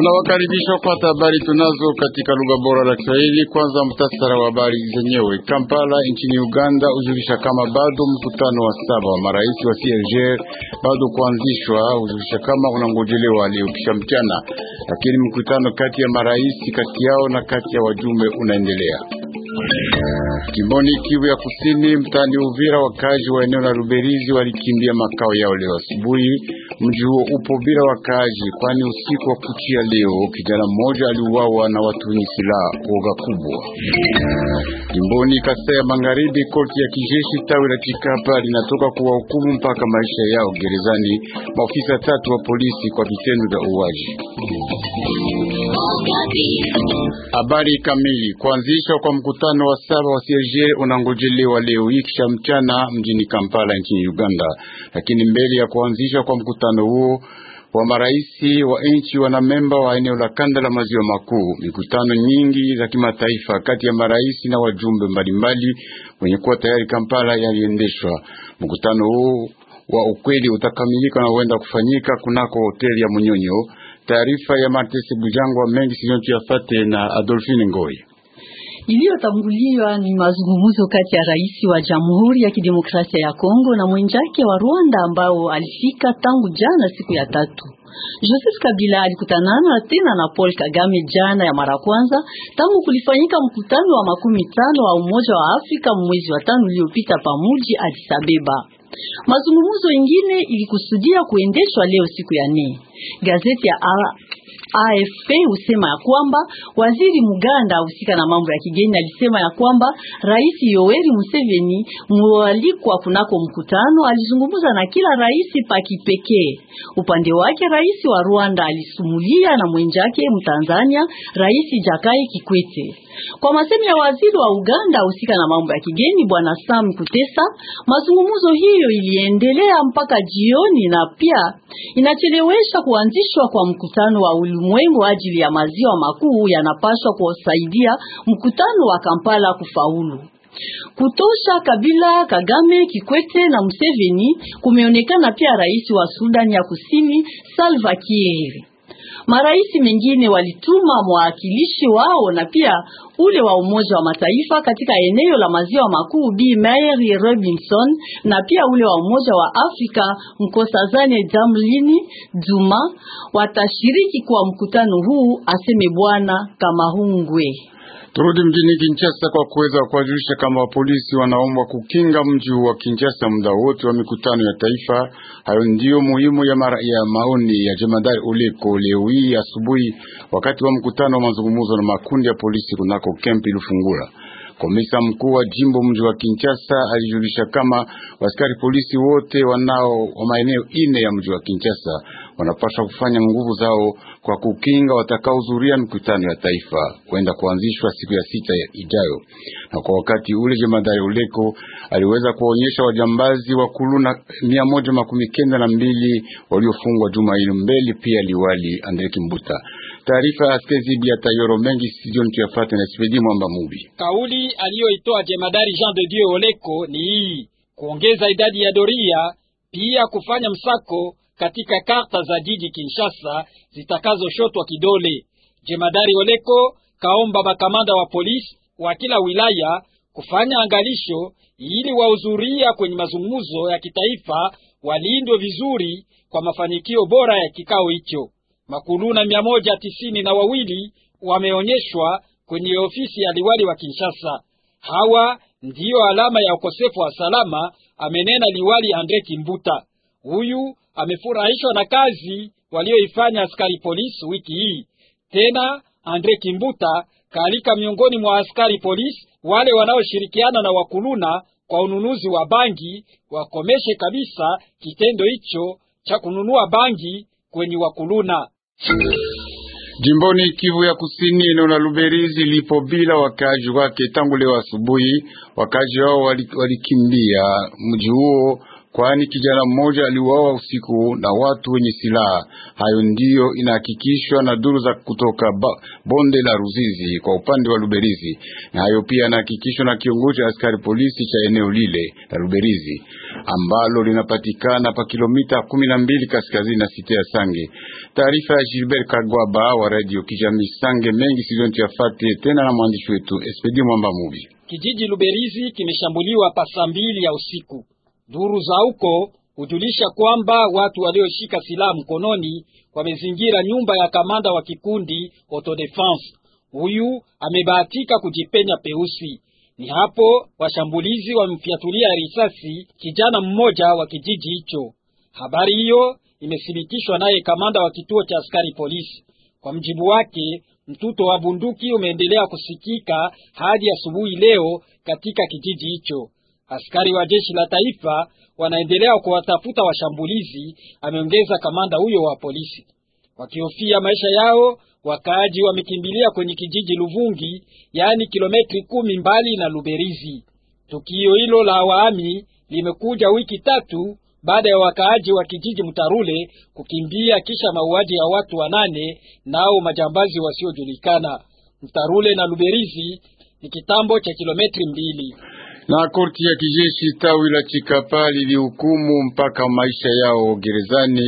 Tunawakaribisha kupata habari tunazo katika lugha bora la Kiswahili. Kwanza mtasara wa habari zenyewe. Kampala nchini Uganda hujulisha kama bado mkutano wa saba wa marais wa CIRGL bado kuanzishwa, hujulisha kama unangojelewa leo kisha mchana, lakini mkutano kati ya marais kati yao na kati ya wajumbe unaendelea. Jimboni Kivu ya Kusini, mtani Uvira, wakaji wa eneo la Ruberizi walikimbia makao yao leo asubuhi. Mji huo upo bila wakaji kwani usiku wa kuchia leo kijana mmoja aliuawa na watu wenye silaha oga kubwa. Jimboni Kasai ya Magharibi, korti ya kijeshi tawi la Chikapa linatoka kuwahukumu mpaka maisha yao gerezani maofisa tatu wa polisi kwa vitendo vya uwaji. Habari kamili kuanzishwa kwa mkutano wa saba wa PSG unangojelewa leo hii mchana mjini Kampala nchini Uganda. Lakini mbele ya kuanzisha kwa mkutano huo wa marais wa nchi wanamemba wa eneo la kanda la maziwa makuu, mikutano nyingi za kimataifa kati ya marais na wajumbe mbalimbali wenye kuwa tayari Kampala yaliendeshwa. Mkutano huu wa ukweli utakamilika na huenda kufanyika kunako hoteli ya Munyonyo. Taarifa ya Martese Bujangwa mengi sinyotu yafate na Adolfine Ngoi iliyotanguliwa ni mazungumzo kati ya rais wa Jamhuri ya Kidemokrasia ya Kongo na mwenzake wa Rwanda ambao alifika tangu jana siku ya tatu. Joseph Kabila alikutanana tena na Paul Kagame jana ya mara kwanza tangu kulifanyika mkutano wa makumi tano wa Umoja wa Afrika mwezi wa tano uliopita pamuji Addis Abeba. Mazungumzo ingine ilikusudia kuendeshwa leo siku ya nne. Gazeti ya AFP husema ya kwamba waziri Muganda husika na mambo ya kigeni alisema ya kwamba Rais Yoweri Museveni mwalikwa kunako mkutano alizungumza na kila rais pa kipekee. Upande wake rais wa Rwanda alisumulia na mwenjake Mtanzania Rais Jakaya Kikwete. Kwa masemi ya waziri wa Uganda husika na mambo ya kigeni bwana Sam Kutesa, mazungumzo hiyo iliendelea mpaka jioni na pia inachelewesha kuanzishwa kwa mkutano wa ulimwengu ajili ya maziwa makuu yanapaswa kusaidia mkutano wa Kampala kufaulu. Kutosha Kabila, Kagame, Kikwete na Museveni kumeonekana pia rais wa Sudani ya Kusini Salva Kiir. Marais mengine walituma mwakilishi wao na pia ule wa Umoja wa Mataifa katika eneo la maziwa makuu Bi Mary Robinson na pia ule wa Umoja wa Afrika Nkosazane damlini duma watashiriki kwa mkutano huu, aseme Bwana Kamahungwe. Turudi mjini Kinshasa kwa kuweza kuwajulisha kama polisi wanaombwa kukinga mji wa Kinshasa muda wote wa mikutano ya taifa. Hayo ndiyo muhimu ya, mara ya maoni ya jemadari Oleko leo hii asubuhi wakati wa mkutano wa mazungumzo na makundi ya polisi kunako kempi Lufungura. Komisa mkuu wa jimbo mji wa Kinshasa alijulisha kama waskari polisi wote wanao wa maeneo ine ya mji wa Kinshasa wanapaswa kufanya nguvu zao kwa kukinga watakaohudhuria mkutano ya taifa kwenda kuanzishwa siku ya sita ya ijayo. Na kwa wakati ule jemadari Uleko aliweza kuwaonyesha wajambazi wa kuluna mia moja makumi kenda na mbili waliofungwa juma hili mbele, pia liwali Andre Kimbuta Taarifa ya askezi bia tayoro mengi ni tuyafate na Sibedi Mwamba Mubi. Kauli aliyoitoa jemadari Jean de Dieu Oleko ni hii: kuongeza idadi ya doria, pia kufanya msako katika karta za jiji Kinshasa zitakazoshotwa kidole. Jemadari Oleko kaomba makamanda wa polisi wa kila wilaya kufanya angalisho ili wahudhuria kwenye mazungumzo ya kitaifa walindwe vizuri kwa mafanikio bora ya kikao hicho makuluna mia moja tisini na wawili wameonyeshwa kwenye ofisi ya liwali wa Kinshasa. Hawa ndiyo alama ya ukosefu wa salama, amenena liwali Andre Kimbuta. Huyu amefurahishwa na kazi walioifanya askari polisi wiki hii. Tena Andre Kimbuta kaalika miongoni mwa askari polisi wale wanaoshirikiana na wakuluna kwa ununuzi wa bangi wakomeshe kabisa kitendo hicho cha kununua bangi kwenye wakuluna. Jimboni Kivu ya Kusini, eneo la Luberizi lipo bila wakaji wake tangu leo asubuhi. Wakazi wao walikimbia wali mji huo kwani kijana mmoja aliuawa usiku na watu wenye silaha. Hayo ndiyo inahakikishwa na duru za kutoka bonde la Ruzizi kwa upande wa Luberizi, na hayo pia inahakikishwa na kiongozi cha askari polisi cha eneo lile la Luberizi ambalo linapatikana pa kilomita kumi na mbili kaskazini na site ya Sange. Taarifa ya Gilbert Kagwaba wa Radio kijami Sange mengi sizonti yafate tena na mwandishi wetu Espedi Mwamba Mubi. Kijiji Luberizi kimeshambuliwa pa saa mbili ya usiku duru za huko hujulisha kwamba watu walioshika silaha mkononi wamezingira nyumba ya kamanda wa kikundi Autodefense. Huyu amebahatika kujipenya peusi. Ni hapo washambulizi wamemfyatulia risasi kijana mmoja wa kijiji hicho. Habari hiyo imethibitishwa naye kamanda wa kituo cha askari polisi. Kwa mjibu wake, mtuto wa bunduki umeendelea kusikika hadi asubuhi leo katika kijiji hicho. Askari wa jeshi la taifa wanaendelea kuwatafuta washambulizi, ameongeza kamanda huyo wa polisi. Wakihofia maisha yao, wakaaji wamekimbilia kwenye kijiji Luvungi, yaani kilometri kumi mbali na Luberizi. Tukio hilo la waami limekuja wiki tatu baada ya wakaaji wa kijiji Mtarule kukimbia kisha mauaji ya watu wanane nao majambazi wasiojulikana. Mtarule na Luberizi ni kitambo cha kilometri mbili. Na korti ya kijeshi tawi la Chikapa lilihukumu mpaka maisha yao gerezani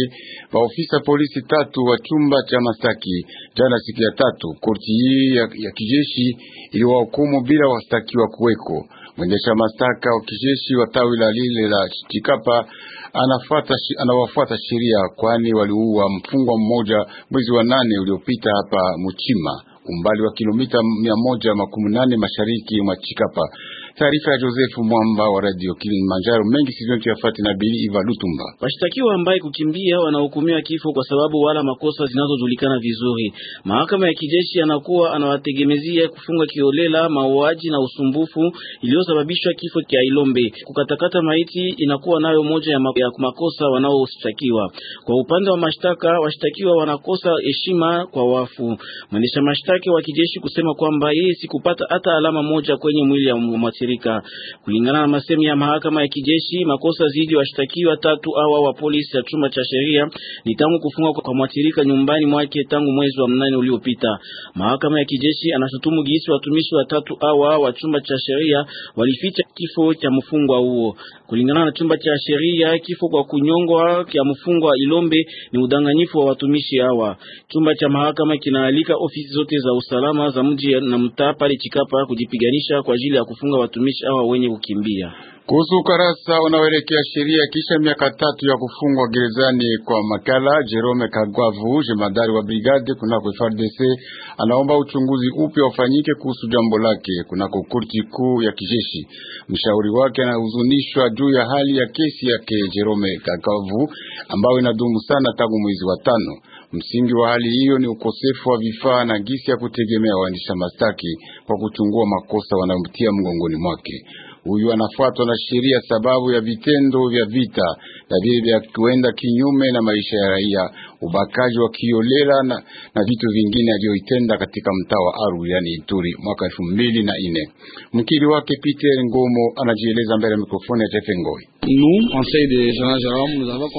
maofisa polisi tatu wa chumba cha Masaki jana siku ya tatu. Korti hii ya, ya kijeshi iliwahukumu bila wastakiwa kuweko. Mwendesha mashtaka wa kijeshi wa tawi la lile la Chikapa anafuata anawafuata sheria, kwani waliua mfungwa mmoja mwezi wa nane uliopita hapa Muchima umbali wa kilomita mia moja makumi nane mashariki mwa Chikapa. Taarifa ya Josefu Mwamba wa Radio Kilimanjaro. mengi sivyo tuyafati na Bili Iva Lutumba. Washtakiwa ambaye kukimbia wanahukumiwa kifo kwa sababu wala makosa zinazojulikana vizuri. Mahakama ya kijeshi anakuwa anawategemezia kufunga kiolela mauaji na usumbufu iliyosababishwa kifo cha Ilombe. Kukatakata maiti inakuwa nayo moja ya makosa wanaoshtakiwa. Kwa upande wa mashtaka, washtakiwa wanakosa heshima kwa wafu. Mwendesha mashtaki wa kijeshi kusema kwamba yeye sikupata hata alama moja kwenye mwili ya mwati waathirika. Kulingana na masemi ya mahakama ya kijeshi, makosa zidi washtakiwa tatu awa wa polisi ya chuma cha sheria ni tangu kufungwa kwa mwathirika nyumbani mwake tangu mwezi wa mnane uliopita. Mahakama ya kijeshi anashutumu gisi watumishi watatu awa wa chuma cha sheria walificha kifo cha mfungwa huo. Kulingana na chumba cha sheria, kifo kwa kunyongwa kya mfungwa Ilombe ni udanganyifu wa watumishi hawa. Chumba cha mahakama kinaalika ofisi zote za usalama za mji na mtaa pale Chikapa kujipiganisha kwa ajili ya kufunga watumishi hawa wenye kukimbia. Kuhusu ukarasa unaoelekea sheria kisha miaka tatu ya kufungwa gerezani kwa Makala, Jerome Kagwavu, jemadari wa brigade kunako FARDC, anaomba uchunguzi upya ufanyike kuhusu jambo lake kunako korti kuu ya kijeshi. Mshauri wake anahuzunishwa juu ya hali ya kesi yake Jerome Kagwavu ambayo inadumu sana tangu mwezi wa tano. Msingi wa hali hiyo ni ukosefu wa vifaa na gisi ya kutegemea waandisha mastaki kwa kuchungua makosa wanayomtia mgongoni mwake. Huyu anafuatwa na sheria sababu ya vitendo vya vita na vile vya kuenda kinyume na maisha ya raia, ubakaji wa kiolela na, na vitu vingine aliyoitenda katika mtaa wa Aru yani Ituri mwaka elfu mbili na nne. Mkili wake Peter Ngomo anajieleza mbele ya mikrofoni ya Tefe Ngoi.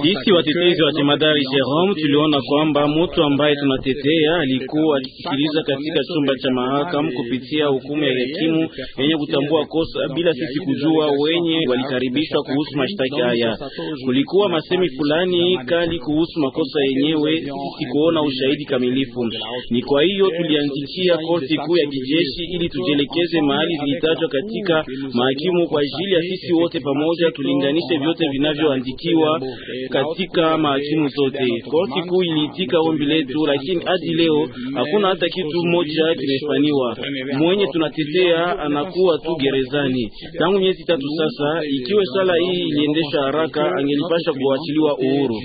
Sisi watetezi wa jemadari Jerome tuliona kwamba mtu ambaye tunatetea alikuwa akisikiliza katika chumba cha mahakama kupitia hukumu ya hakimu yenye kutambua kosa bila sisi hawawezi kujua wenye walikaribishwa kuhusu mashtaki haya. Kulikuwa masemi fulani kali kuhusu makosa yenyewe, sisi kuona ushahidi kamilifu. Ni kwa hiyo tuliandikia korti kuu ya kijeshi ili tujielekeze mahali zilitajwa katika mahakimu kwa ajili ya sisi wote pamoja tulinganishe vyote vinavyoandikiwa katika mahakimu zote. Korti kuu iliitika ombi letu, lakini hadi leo hakuna hata kitu moja kimefanyiwa. Mwenye tunatetea anakuwa tu gerezani. Tangu miezi tatu sasa, ikiwe sala hii iliendesha haraka, angelipasha kuachiliwa uhuru.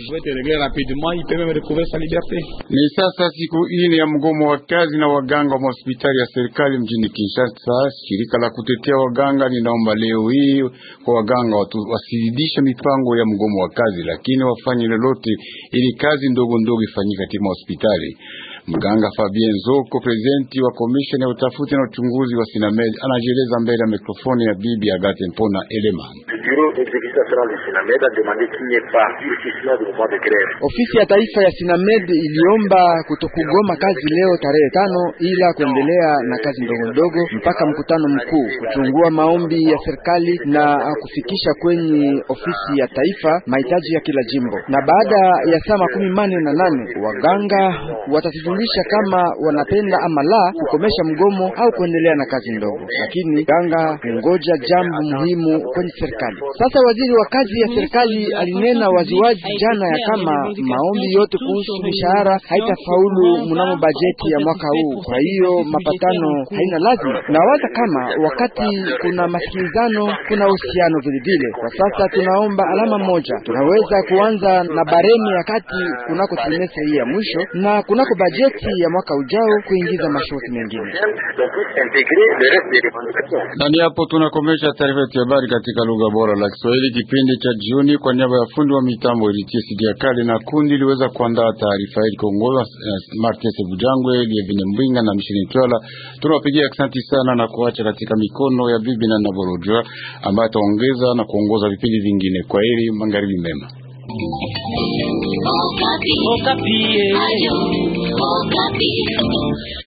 Ni sasa siku ine ya mgomo wa kazi na waganga wa hospitali ya serikali mjini Kinshasa. Shirika la kutetea waganga linaomba leo hii kwa waganga wasididishe mipango ya mgomo wa kazi, lakini wafanye lolote ili kazi ndogo ndogo ifanyike katika hospitali. Mganga Fabien Zoko, presidenti wa komisheni ya utafiti na uchunguzi wa Sinamedi, anajieleza mbele ya mikrofoni ya bibi Agathe Mpona Eleman bureau exécutif national de Sinamed a demandé qu'il n'y ait pas suspicion de mouvement de grève. Ofisi ya taifa ya Sinamed iliomba kutokugoma kazi leo tarehe tano, ila kuendelea na kazi ndogo ndogo mpaka mkutano mkuu, kuchungua maombi ya serikali na kufikisha kwenye ofisi ya taifa mahitaji ya kila jimbo. Na baada ya saa makumi mane na nane waganga watatujulisha kama wanapenda ama la kukomesha mgomo au kuendelea na kazi ndogo, lakini ganga kungoja jambo muhimu kwenye serikali. Sasa waziri wa kazi ya serikali alinena waziwazi jana ya kama maombi yote kuhusu mishahara haitafaulu mnamo bajeti ya mwaka huu, kwa hiyo mapatano haina lazima. Nawaza kama wakati kuna masikilizano kuna uhusiano vilevile. Kwa sasa tunaomba alama moja, tunaweza kuanza na bareni ya kati kunako trimesta hii ya mwisho na kunako bajeti ya mwaka ujao kuingiza masharti mengine. ni hapo tunakomesha taarifa yetu ya habari katika lugha bora bora la Kiswahili kipindi cha jioni, kwa niaba ya fundi wa mitambo Elitiesidia Kale na kundi iliweza kuandaa taarifa hili Kongola eh, Martin Sebujangwe Lievine Mbwinga na Mshini Twala. Tunawapigia asante sana na kuacha katika mikono ya bibi na Naborojwa ambaye ataongeza na kuongoza vipindi vingine. Kwa heri, magharibi mema Okapi. Okapi. Okapi.